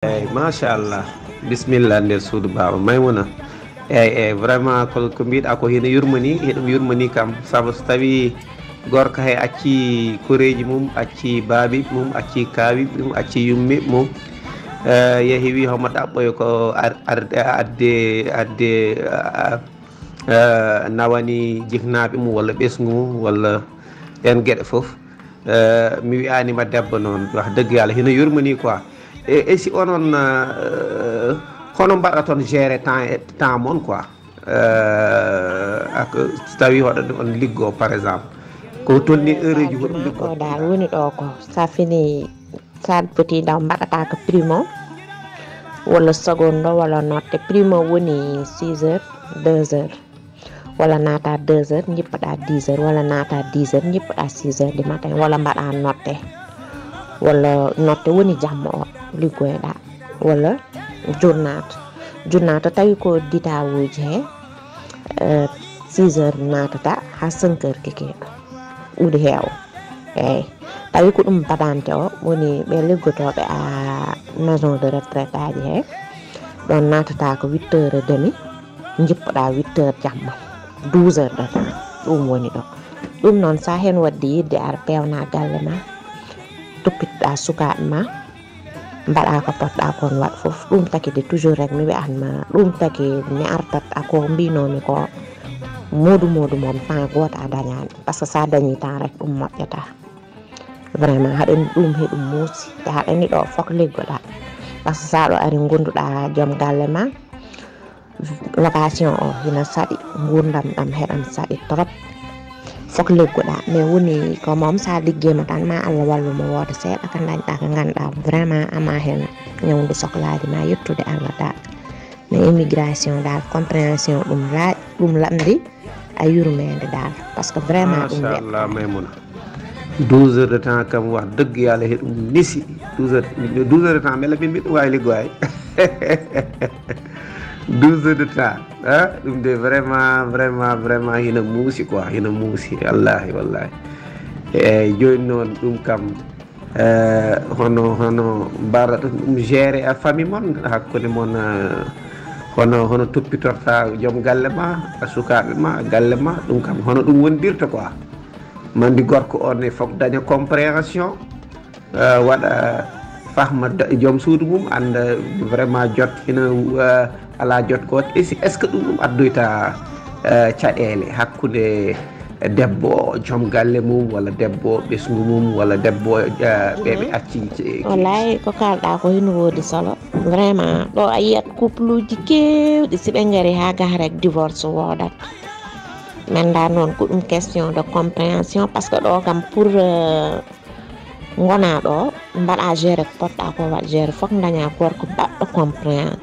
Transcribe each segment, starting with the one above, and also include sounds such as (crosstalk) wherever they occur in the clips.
eyyi machallah bisimilla nder suudu baba maymuna eyyi eyyi vraiment ko mbiɗa ko hene yurmani heɗum yurmani kam saabu so tawi gorko hay acci koreji mum acci baabi mum acci kaawi mum acci yummi mum eh, yeehi wi homo ɗaɓɓoyo ko adde adde eh, eh, nawani jiknaɓe mum walla ɓesgu mum walla ɗen gueɗe foof mi wiyanima debbo noon wax dëgg yalla hene yurmani quoi e et si onon uh, mbaɗa ton géré temps temps mon quoi euh ak so tawi waɗa on liggo par exemple ko tonni heure ji hoɗum liggo dal woni ɗo oh, ko sa fini sa poti daw mbaɗata ko primo wala secondo wala notte primo woni 6 heures 2 heures wala nata 2 heures jippaɗa 10 heures wala nata 10 heures jippaɗa 6 heures du matin wala mbaɗa notte wala notte woni jamma o da wala jurnaato jurnaato tay ko dita ditawuji euh 6 heures ta ha 5 heures kekeɗo ɓuuri heew eh tay ko dum tabante o woni be ɓe liggotoɓe a maison de retraite aji he nata ta ko 8 heures demi demi da 8 heures jamma 12 heures da temps ɗum woni do dum non sa hen waddi yidde ar pewna galle ma tupit a suka ma a ka pot a kon waɗ foof dum taki de toujours rek mi ma dum taki ni artat no mi ko modu modu mom temps gota a dañani parce que sa dañi tan rek ɗum moƴƴata vraiment he dum mosi ta ha haɗani do fok liggoɗa par ce que sa do ari gonduɗa joom galle ma location o hina saɗi gurdam am heɗam saɗi trop fook woni ko mom sa liggema tan ma allah walluma wooda seeɗa ko dañɗa ko ganduɗa vraiment ama hen ñawdu sohlade ma yettude allah dal no immigration dal compréhension ɗum laaƴ a yurmede dal par ce que vraiment ɗum machallah maymouna 12 heures de temps kam ɗum nisi 12 heures ah eh, ɗum de vraiment vraiment vraiment hina muusi quoi hina muusi wallahi wallahi eyyi eh, joni noon ɗum kam eh, hono hono mbara ɗum ɗum géré a famille moon hakkude moon hono hono toppitorta joom galle ma sukaɓe ma galle ma ɗum kam hono ɗum wondirta quoi mandi gorko on e fof daña compréhension waɗa fahma joom suudu mum anda vraiment jot hina ala jot goto eh, est ce que dum adduita addoyta hakkude eh, eh, debbo jom galle mum wala debbo ɓesgu mum wala debbo bebe mm-hmm. acci ci wallahi oh, ko kalda ko hin wodi solo vraiment do ayat couple couple uji kewɗi sibe gaari ha ga rek divorce wodat da non ko dum question de compréhension parce que do kam pour uh, ngona do mbaɗa gérer ko poɗɗa ko waɗ géré fof daña gorko baɗɗo comprendre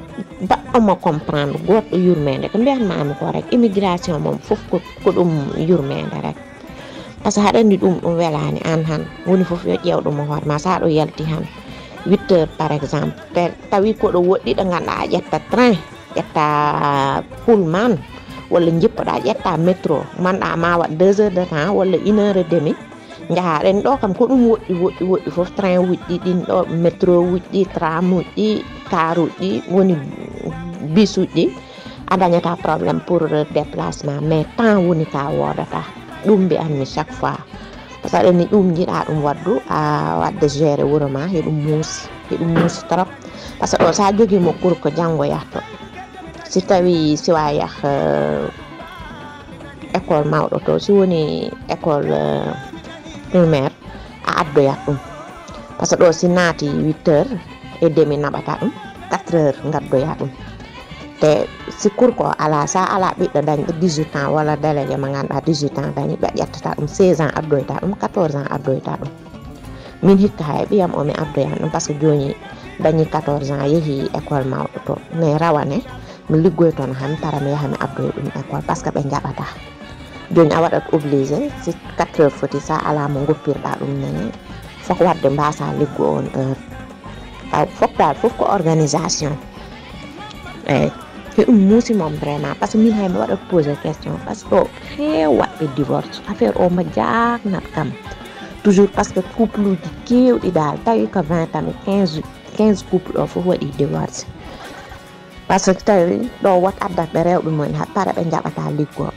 baɗɗomo comprendre goɗɗo yurmede ko kan mbiyatmami ko rek immigration mom fof ko ɗum yurmede rek par ce que haɗa andi ɗum ɗum welani an han woni fof yo ƴeew ɗum hoorema sa ɗo yalti han 8 heures par exemple tawi koɗo woɗɗi ɗo ganduɗa a ƴetta train ƴetta pullman walla jippoɗa ƴetta métro manɗa ma waɗ 2 heures de temps walla 1 heure et demi jahaɗen ɗo kam ko ɗum woɗɗi woɗɗi woɗɗi fof train wuɗɗi ɗin ɗo métro wuɗɗi tram wuɗɗi car uɗɗi woni bis uɗɗi a dañata probléme pour déplacement mais temps woni ka wodata ɗum mbi anmi chaque fois par ce que aɗani ɗum jiɗa ɗum waddu a wadde géré wuro ma heɗum muusi heɗum muusi trop par ce que ɗo sa mo cour ko janggo yahto si tawi siwa yah école mawɗo to si woni école primer a addoyat ɗum par ce que ɗo si nati 8 heures et demi naɓata ɗum 4 do gaddoya ɗum te sikkur ko ala sa ala ɓiɗɗo dañɗo 18 ans walla délégué mo ganduɗa 18 ans ba yat ta ɗum 16 ans addoyta um 14 ans addoyta ɗum min hikka hay ɓiyam o mi addoyan ɗum par ce que joni dañi 14 ans yeehi école ma to mais rawane eh. mi liggoytono hami tara mi yaha mi abdoye ɗum école que joni a waɗat obligé si 4 heures foti sa ala mo goppirɗa ɗum nani fok wadde mbasa liggo on heure taw fok dal fof ko organisation eyyi te vraiment que min hay mi waɗat posé question par ce que ɗo heewaɓe divorce affaire o mo jagnat kam toujours par que couple uji di dal tawi ko 20 tami 15 15 couple o fof waɗi divorce par ce que tawi ɗo wat addat be rewɓe mumen ha para ɓe jaɓata liggoo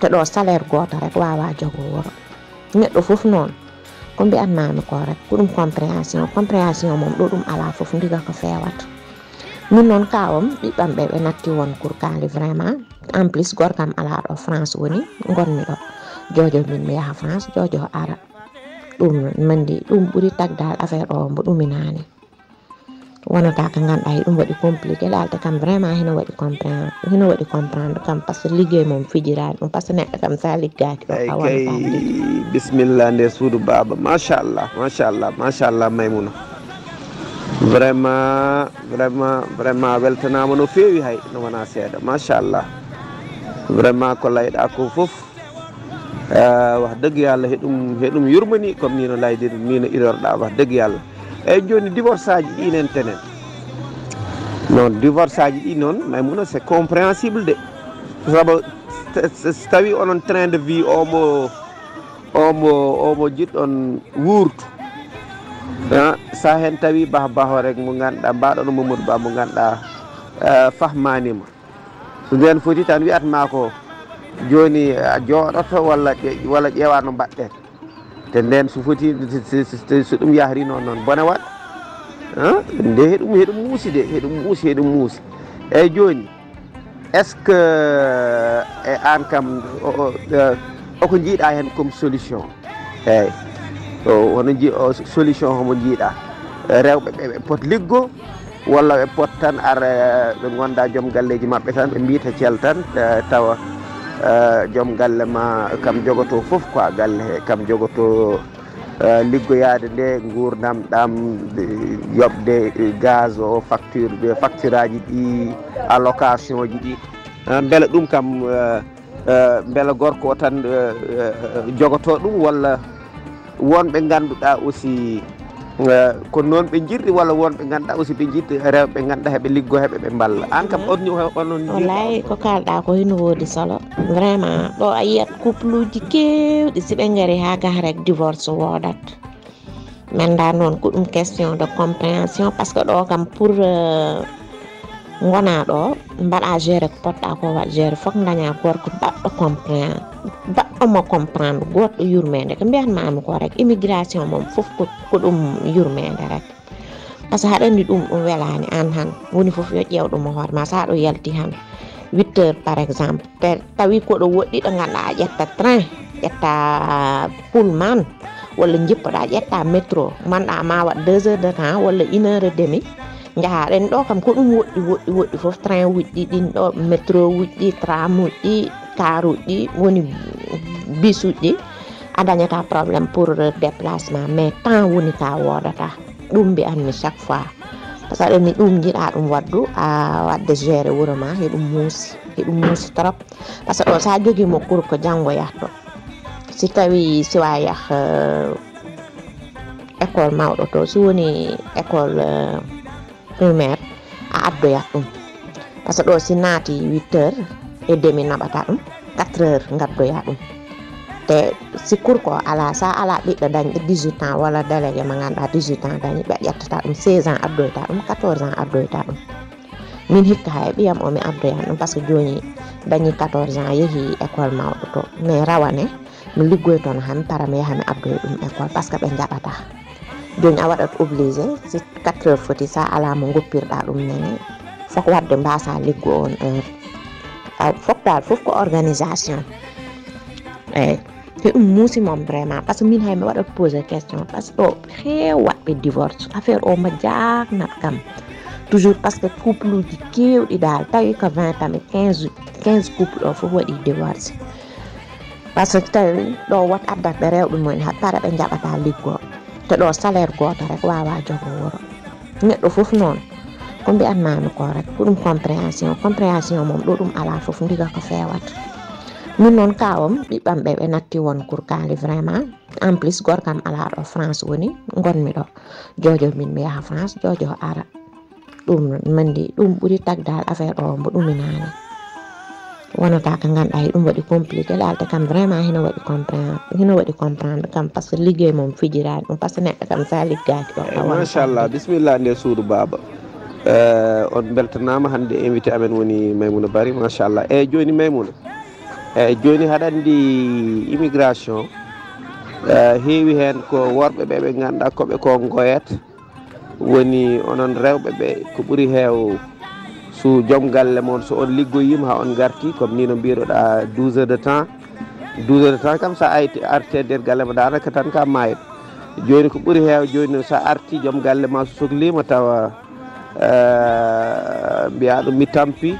te do salaire goto rek wawa jogo ne do fof non ko mbiyanmami ko rek ko dum compréhension compréhension mom do dum ala fof ndiga ko fewat ni non kawam ɓiɓɓamɓe be natti won kurkali vraiment en plus kam ala do france woni mi do jojo min mi ha france jojo ara dum mandi dum buri tagdal affaire o dum minani ta ka ngan e dum wadi compliqué lalde kam vraiment hino wadi comprendre hino wadi comprendre kam parce que liguey mom fijirani ɗum par ce que nek kam sa liggaki ɗo a kay bismillah nde suudu baba ma sha allah maymuna vraiment vraiment vraiment weltanama no fewi hay no ma sha allah vraiment ko layɗa ko foof wax dëgg yàlla heɗum heɗum yurmani comme ni no laydiri ni no da wax deug yalla ay joni divorçage yi ɗi nene tenen non divorçage yi non noon mëna c'est compréhensible de sabo stawi tawi onon train de vie omo omo omo wurt wuurtu eh, sa hen tawi bah baho rek mo ganduɗa mbaɗono mamadou ba mo ganduɗa eh, fahmanima so nden foti tan at mako joni eh, a jooɗoto wala walla ƴeewa no te nden so foti so ɗum yahri non noon bona han de hedum hedum musi de hedum musi hedum musi e joni est ce que e eh, an kam oh, oh, eh, ko jida hen comme solution eyyi oh, wono ji solution mo jida eh, rewɓe be pot liggo wala ɓe pot tan ar be gonda jom galleji mabbe tan be mbiita ceel tawa Eh, joom galle ma kam jogoto fof quoi galle he kam jogoto eh, liggoyade nde gurdam ɗam yoɓde gaz o facture ɓe facture aji ɗi allocation ji ɗi eh, beele ɗum kam beele gorko o tan jogoto ɗum walla wonɓe ganduɗa aussi kono noon ɓe jirri won be ganda aussi be jitti rewɓe be ganda be liggo heɓe be mballa an kam mm-hmm. on onon wallayi ko kalɗa ko hin wodi solo vraiment do ayat yiyat couple uji di siɓe gaari ha ga rek divorce woɗat manda non ko dum question de compréhension parce que do kam pour eh, gona ɗo mbaɗa gérer ko poɗɗa ko waɗ géré ko daña gorko comprendre ba omo comprendre goɗɗo yurmede ma am ko rek immigration mom foof ko ɗum yurmede rek par ce que haɗa andi ɗum ɗum welani an han woni foof yo jew dum hoor ma sa do yalti han 8 h par exemple te tawi koɗo woɗɗi ɗo ganduɗa a ƴetta train ƴetta pullman wala walla jippoɗa metro man da ma waɗ 2 h de temps wala 1 h et demi jahaɗen do kam ko dum woɗɗi woɗɗi woɗɗi foof train wuƴɗi din do metro wuƴɗi tram wuƴɗi caruɗɗi woni bisuɗɗi a dañata probléme pour déplacement mais ta woni ka wodata ɗum mbi an chaque fois par ce que ɗonni ɗum jiɗa ɗum waddu a wadde gérer wuuro ma heɗum muusi heɗum muusi trop par ce que ɗo sa mo kur ko ya, ya to si tawi wa ya école mawɗo to si woni école primaire a addo ya que si naati 8 h e demi 4 heures nga gaddoya ɗum te cour ko ala sa ala bi da dañ 18 ans walla délégué mo ganduɗa 18 ans dañi ɓe ƴettata ɗum 16 ans abdoyta ɗum 14 ans abdoyta ɗum min hikka hay ɓiyam o mi abdoyan ya dum parce que joni dañi 14 ans yehi école ma auto mais rawane mi liggoy ton han para mi yaha mi dum école parce que ɓe jaɓata joni a waɗat obligé ci 4 heures foti sa ala mo ngopir goppirɗa ɗum nene fok wadde mbasa liggo on heure فقر الفوق organization eh te un musimum vraiment parce que min hay mi waɗa poser question parce que ɗo heewaɓe divorce affaire o mo jagnat kam toujours parce que couple di kew di dal tay ko 20 tami 15 15 couple of fof waɗi divorce parce que tay do ɗo wot be rew dum mumen ha para be jabata liggo te do salaire go goto rek wa jogo wuro neɗɗo fof non kombi mbi'an no ko rek ko ɗum compréhension compréhension mom do dum ala fof ndiga ko fewat min non kawam ɓiɓɓamɓe be natti won kurkali vraiment en plus kam ala do france woni mi do jojo min mi ha france jojo ara ɗum mandi buri tag dal affaire o mbo ɗuminani wonata ko ganduɗa dum wadi waɗi dal laalte kam vraiment hino wadi comprendre hino wadi comprendre kam parce que liggey mom fijirani que nek kam sa liggaki ɗo Allah bismillah baba Eh, on beltanama hande invité e amen woni maymuna bari machallah e eh, joni maymuna e eh, joni hadandi immigration heewi hen ko be be ganda ko be ko goyet woni onon rewbe be ko buri heew su jom galle mon so on liggoyima ha on garti comme ni no da 12 heures de temps 12 heures de temps kam sa arti arté e der galle ma ka tan ka mayiɗo joni ko buri heew joni sa arti jom galle ma so ma tawa Eh, mbiya ɗum mi tampi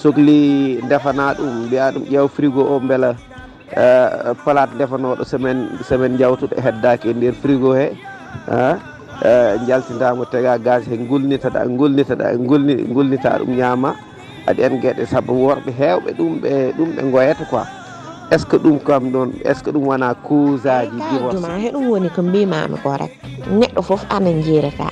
sohli defana ɗum mbiya ɗum ƴeew frigo o beela eh, plate defanoɗo semaine semaine jawtuɗo e heddaki e nder frigo he eh, jaltidamo tega gas he gulnitaɗa ngulni gulni gulnita ɗum ñaama aɗa en gueɗe saabu worɓe hewɓe ɗum ɓe ɗum ɓe goyata quoi est ce que ɗum kam ɗon est ce que ɗum wona cause aji divorce heɗum woni ko mbimami ko rek neɗɗo foof ana jeerata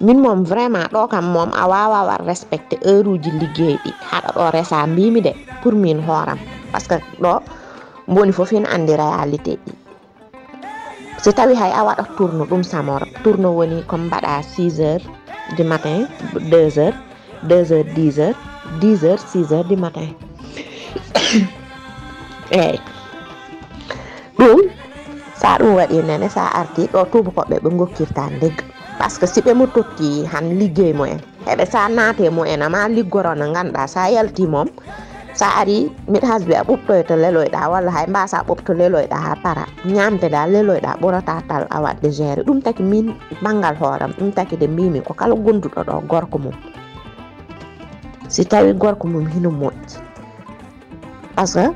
min mom vraiment do kam mom a wawa war respecté heure uji liggey ɗi haɗa do resa mbi mi de pour min horam parce que do mboni fofin andi réalité ɗi so tawi hay a wada tourno dum samor tourno woni comme bada 6 h du matin 2 h 2 h 10 h 10 h 6 h du matin (coughs) eh ɗum sa ɗum wadi nene sa arti ɗo tubakoɓe be gokkirta deg parce que siɓe mo tokki han liggey e be sa moy na ma liggoro na nganda sa yalti mom sa ari mbiɗa to a ɓoftoyto e da wala hay to ɓofto leloyɗa ha para da leloyɗa ɓurata tal awa de géré dum tak min bangal horam dum tak de mimi ko kala do ɗo gorko mum si tawi gorko mum hino mot asa,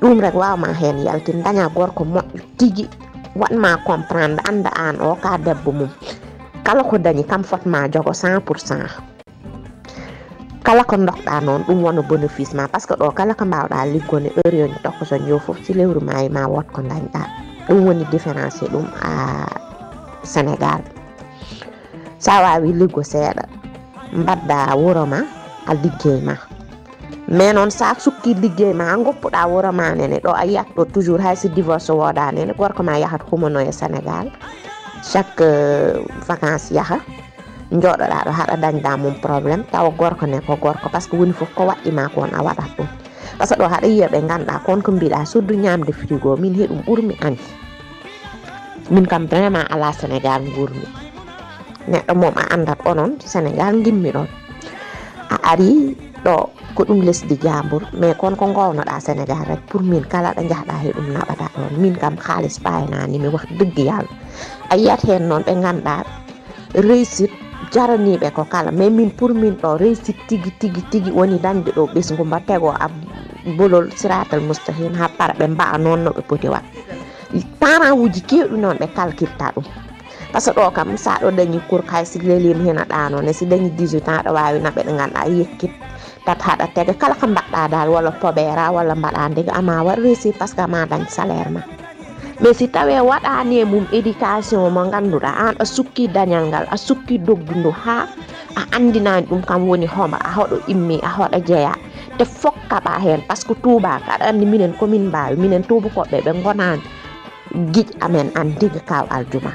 dum rek wa ma hen yaltin gorko mo tigi ma comprendre anda an o ka debbo mum kala ko dañi kam fat ma jogo 100 kala ko dokɗa non dum wono bénéfice ma parce que do kala ko mbawɗa liggone heure yoni so yo fof ci lewru may ma wat ko dañɗa dum woni différencier dum a ah, sénégal sa wawi liggo seeɗa mbadda wuro ma a liggey ma menon noon sa sukki liggey ma goppuɗa wuro ma nene do a do ɗo toujours hay si divorce woɗa nene gorko ma yahat humano e Senegal, chaque vacance yaha joɗoɗa ɗo haɗa dañda mum probléme tawa gorko ne ko gorko kubun fuk que woni foof ko waɗɗima ko on a waɗat ɗum par ce que ɗo haɗa yiya kon ko suddu frigo min heɗum ɓurmi an min kam vraiment ala sénégal ne neɗɗo mom a andat onon sénégal gimmi do a ari do ko dum lesdi jambur mais kon ko da senegal rek pour min kala ɗo jahɗa he ɗum naɓata non min kam ni mi wax deug yalla ay yat hen be ɓe ganduɗa jarani be ko kala mais min pour min do réussite tigi tigi tigi woni do bes ngum ba tego a bolol siratal mustahim ha para be ba non no be poti wat tara uji ke noon ɓe calcilta ɗum par ce que kam sa do dañi cour kay si lelima hena ɗano ne si dañi 18 ans da wawi nabe yekkit tat haɗa tege kala ko mbaɗɗa dal wala pobera wala mbaɗa ndiga ama waɗ réussi par ce que ma dan salaire ma be si tawe waɗani e mum education mo ngandura an a sukki dañal ngal a sukki doggundu ha a andina dum kam woni homa a hodo immi a hodo jeya te ba hen par que tubaka andi minen komin mbawi minen be be ngonan guiƴ amen andi diga kaw aljuma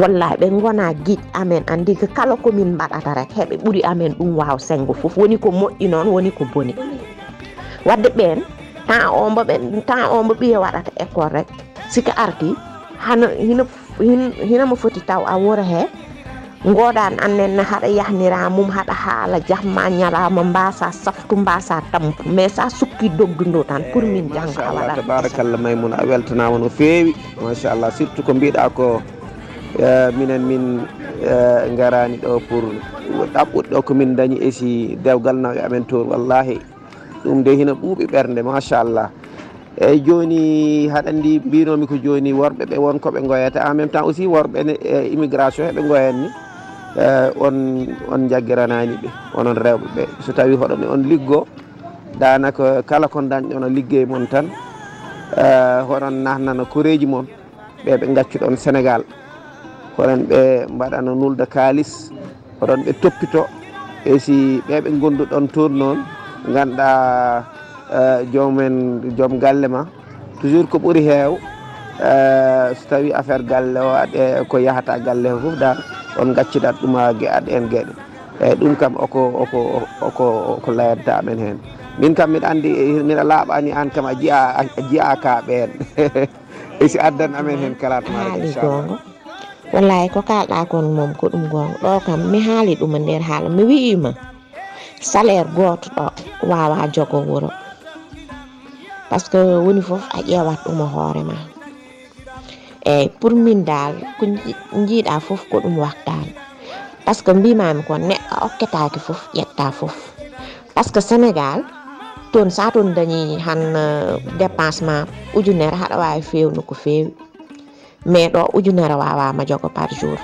wallahi ɓen gona giƴ amen andi ko kala komin mbaɗata rek heɓe ɓuuri amen ɗum waw sengo foof woni ko moƴƴi noon woni ko boni wadde ɓen temps ombo ɓen temps ombo ɓiya waɗata école rek sika arti hana hina mo foti taw a wora he goɗan annenne haɗa yahnira mum haɗa haala jahma ñalama mbasa saftu mbasa tampu mais sa sukki doggudo tan pour min eh, jangga a waɗa tabarakallah maymouna a weltanama no fewi machallah surtout ko mbiɗa ko Eh, minen min eh, garani ɗo pour ɗaɓɓuɗe ɗo ko min dañi esi dewgal nawe amen toon wallahi ɗum de hina ɓuuɓe ɓernde machallah eyyi joni haɗa andi mbinomi ko joni worɓe ɓe wonkoɓe goyata ah, en même temps aussi worɓe e immigration heɓe goyatni eh, on on jagguiranani ɓe onon rewɓeɓe so tawi hoɗoni e on liggo danaka kala ko dañɗon o liggey moon tan hoɗon nahnana koreji moon ɓe ɓe gaccuɗon sénégal koren ɓe mbaɗana nulda kalis oɗon ɓe toppito e si ɓeɓe gonduɗon toon noon ganduɗa e, jomumen joom galle ma toujours ko ɓuuri heew e, so tawi affaire galle o aɗe ko yahata galle he foof dal on gaccidat ɗuma ge aɗe en gueɗe eyyi ɗum kam oko oko oko oko layanta amen hen min kam mbiɗa andi mbiɗa laaɓani an kam a jiya a jiya kaɓe en (laughs) e si addan amen hen kalatmaa gongo lai ko kalɗa kon mom ko ɗum gonga ɗo kam mi haali ɗum e nder haala mi wi'ima salaire goto ɗo wawa jogo wuro par ce que woni foof a ƴewat ɗum hoore ma eyyi pour min dal ko jiiɗa fof ko ɗum waktani par ce que mbimami ko neɗɗo okketake fof ƴetta foof par ce que sénégal toon sa toon dañi han dépense ma ujunere haɗa wawi fewnu ko fewi mais ɗo wawa ma jogo par jour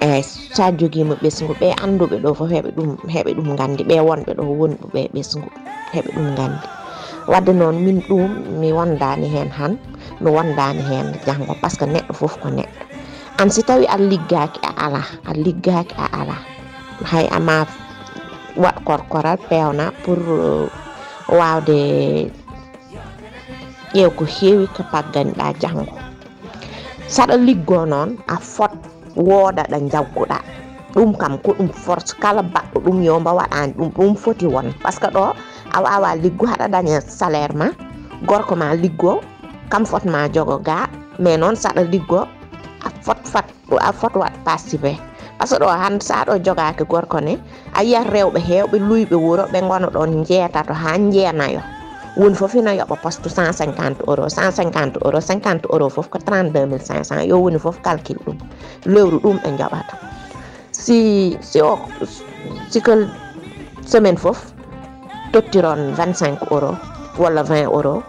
eyi sa joguima be ɓe be do fo hebe dum hebe dum gandi won be do won be ɓesgu hebe dum gandi wadde non min ɗum mi wondani hen han mi wondani hen jango paske que neɗɗo ko neɗɗo an si tawi a liggaaki a ala a liggaaki a ala hay ama wa kor koral pewna pour wawde ƴeew ko saɗa liggo non a fot woodaɗa jagguɗa ɗum kam ko dum force kala ba dum yomba mba waɗani ɗum ɗum foti won parce ce que a wawa liggo hada daña salaire ma gorko ma liggo kam ma jogo ga mais noon saɗa liggo a fot fat a fot wat passive parce ce que ɗo han sa ke gor gorko ne a ya hewbe luybe hewɓe be ngono don gona to han ha yo wun fofi na yɔbɔ poste 150 euro 150 euro 50 euro fof ko 32,500, yo wun fof calcul ɗum lewru ɗum e jaɓata si si o semaine fof tottiron 25 euro wala 20 euro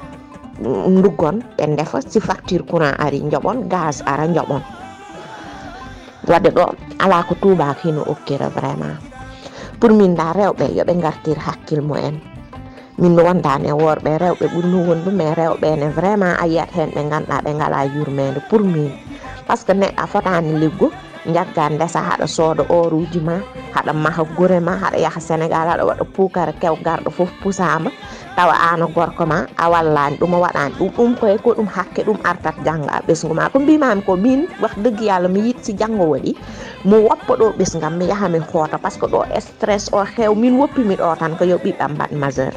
nduggon ɓe ndefa si facture courant ari njoɓon gaz ara njoɓon wadde ɗo ala ko tubak hino okkira vraiment pour min da be, yoɓe gartir hakkil mumen min no wondani e worɓe rewɓe ɓurmi wonɗum mais rewɓe ne vraiment a yiyat hen ɓe ganduɗa ɓe ngala yurmede pour min par ce que neɗɗo a fotani liggo jagga ndesa haɗa sooda or uji ma haɗa maha gure ma haɗa yaha sénégal haɗa waɗa puukara kew garɗo foof pusama tawa an gorko ma a wallani ɗum e, a waɗani ɗum ɗum koye ko ɗum hakke ɗum artat jangga ɓesgu ma ko mbimami ko min wax deug yalla mi yit si janggo waɗi mo woppa ɗo ɓesgam mi yaha mi hoota par ce que ɗo stress o xew min woppimi ɗo tan ko yo ɓiɓɓam mbaɗ majeur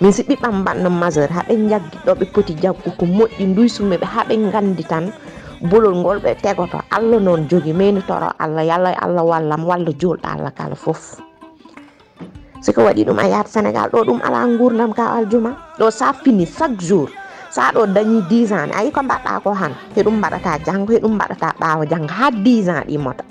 min si ɓiɓɓan mbannon majeur haɓe jaggiɗo ɓe poti jaggu ko moƴƴi duysume ɓe haɓe gandi tan bolol ngol ɓe tegoto allah noon jogi toro allah yalla allah wallam walla allah kala foof siko waɗi ɗum a yahat sénégal ɗo ɗum ala gurdam ka aljuma ɗo sa fini chaque jour sa ɗo dañi 10 ans ayi ko mbaɗɗa ko han heɗum mbaɗata janggo heɗum mbaɗata ɓawa janggo ha 10 ans ɗimoto